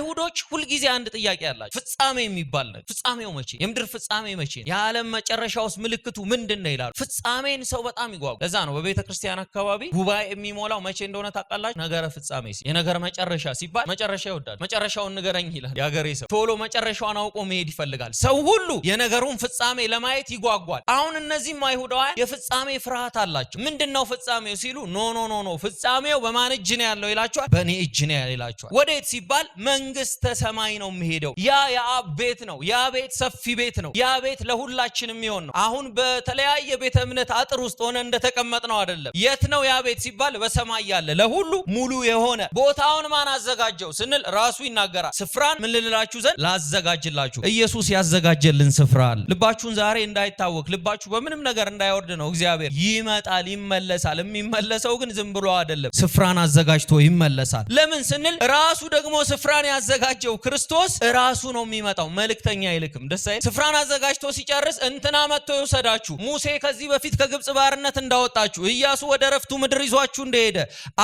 አይሁዶች ሁልጊዜ አንድ ጥያቄ አላቸው። ፍጻሜ የሚባል ነገር ፍጻሜው መቼ የምድር ፍጻሜ መቼ የዓለም መጨረሻ ውስጥ ምልክቱ ምንድን ነው ይላሉ። ፍጻሜን ሰው በጣም ይጓጉ። ለዛ ነው በቤተ ክርስቲያን አካባቢ ጉባኤ የሚሞላው መቼ እንደሆነ ታውቃላችሁ? ነገረ ፍጻሜ የነገር መጨረሻ ሲባል መጨረሻ ይወዳል። መጨረሻውን ንገረኝ ይላል የአገሬ ሰው። ቶሎ መጨረሻውን አውቆ መሄድ ይፈልጋል። ሰው ሁሉ የነገሩን ፍጻሜ ለማየት ይጓጓል። አሁን እነዚህም አይሁዳውያን የፍጻሜ ፍርሃት አላቸው። ምንድን ነው ፍጻሜው ሲሉ ኖ ኖ ኖ ኖ ፍጻሜው በማን እጅ ነው ያለው ይላቸዋል። በእኔ እጅ ነው ያለው ይላቸዋል። ወዴት ሲባል መንግስተ ሰማይ ነው የሚሄደው። ያ የአብ ቤት ነው። ያ ቤት ሰፊ ቤት ነው። ያ ቤት ለሁላችን የሚሆን ነው። አሁን በተለያየ ቤተ እምነት አጥር ውስጥ ሆነ እንደተቀመጥ ነው አይደለም። የት ነው ያ ቤት ሲባል በሰማይ ያለ ለሁሉ ሙሉ የሆነ ቦታውን ማን አዘጋጀው ስንል ራሱ ይናገራል። ስፍራን ምን ልልላችሁ ዘንድ ላዘጋጅላችሁ። ኢየሱስ ያዘጋጀልን ስፍራ አለ። ልባችሁን ዛሬ እንዳይታወክ፣ ልባችሁ በምንም ነገር እንዳይወርድ ነው። እግዚአብሔር ይመጣል፣ ይመለሳል። የሚመለሰው ግን ዝም ብሎ አይደለም። ስፍራን አዘጋጅቶ ይመለሳል። ለምን ስንል ራሱ ደግሞ ስፍራን ያዘጋጀው ክርስቶስ ራሱ ነው የሚመጣው፣ መልእክተኛ አይልክም። ደስ አይል። ስፍራን አዘጋጅቶ ሲጨርስ እንትና መጥቶ ይውሰዳችሁ፣ ሙሴ ከዚህ በፊት ከግብፅ ባርነት እንዳወጣችሁ፣ እያሱ ወደ ረፍቱ ምድር ይዟችሁ እንደሄደ፣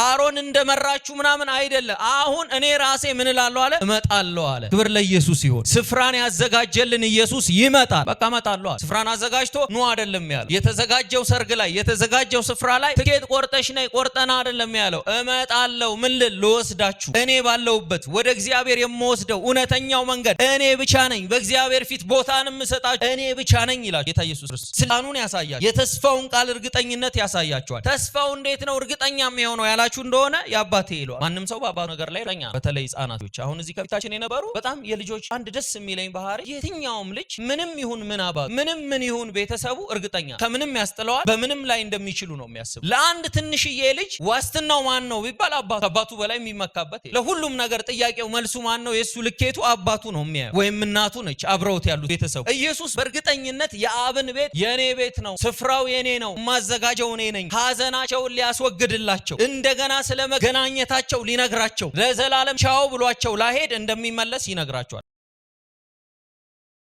አሮን እንደመራችሁ ምናምን አይደለም። አሁን እኔ ራሴ ምን እላለሁ አለ፣ እመጣለሁ አለ። ክብር ለኢየሱስ ይሆን። ስፍራን ያዘጋጀልን ኢየሱስ ይመጣል። በቃ እመጣለሁ አለ። ስፍራን አዘጋጅቶ ኑ አይደለም ያለው። የተዘጋጀው ሰርግ ላይ የተዘጋጀው ስፍራ ላይ ትኬት ቆርጠሽ ነይ ቆርጠና አይደለም ያለው። እመጣለሁ ምን ልል ልወስዳችሁ እኔ ባለሁበት ወደ እግዚአብሔር እግዚአብሔር የምወስደው እውነተኛው መንገድ እኔ ብቻ ነኝ፣ በእግዚአብሔር ፊት ቦታን የምሰጣቸው እኔ ብቻ ነኝ ይላል ጌታ ኢየሱስ ክርስቶስ። ስልጣኑን ያሳያል። የተስፋውን ቃል እርግጠኝነት ያሳያቸዋል። ተስፋው እንዴት ነው እርግጠኛ የሚሆነው ያላችሁ እንደሆነ የአባቴ ይሏል። ማንም ሰው በአባቱ ነገር ላይ ለኛ በተለይ ህጻናቶች አሁን እዚህ ከፊታችን የነበሩ በጣም የልጆች አንድ ደስ የሚለኝ ባህሪ የትኛውም ልጅ ምንም ይሁን ምን አባቱ ምንም ምን ይሁን ቤተሰቡ እርግጠኛ ከምንም ያስጥለዋል በምንም ላይ እንደሚችሉ ነው የሚያስቡ። ለአንድ ትንሽዬ ልጅ ዋስትናው ማን ነው ቢባል አባቱ አባቱ በላይ የሚመካበት ለሁሉም ነገር ጥያቄው መልስ መልሱ ማን ነው? የእሱ ልኬቱ አባቱ ነው የሚያየው ወይም እናቱ ነች፣ አብረውት ያሉት ቤተሰቡ። ኢየሱስ በእርግጠኝነት የአብን ቤት የእኔ ቤት ነው፣ ስፍራው የእኔ ነው፣ የማዘጋጀው እኔ ነኝ፣ ሀዘናቸውን ሊያስወግድላቸው እንደገና ስለ መገናኘታቸው ሊነግራቸው ለዘላለም ቻው ብሏቸው ላሄድ እንደሚመለስ ይነግራቸዋል።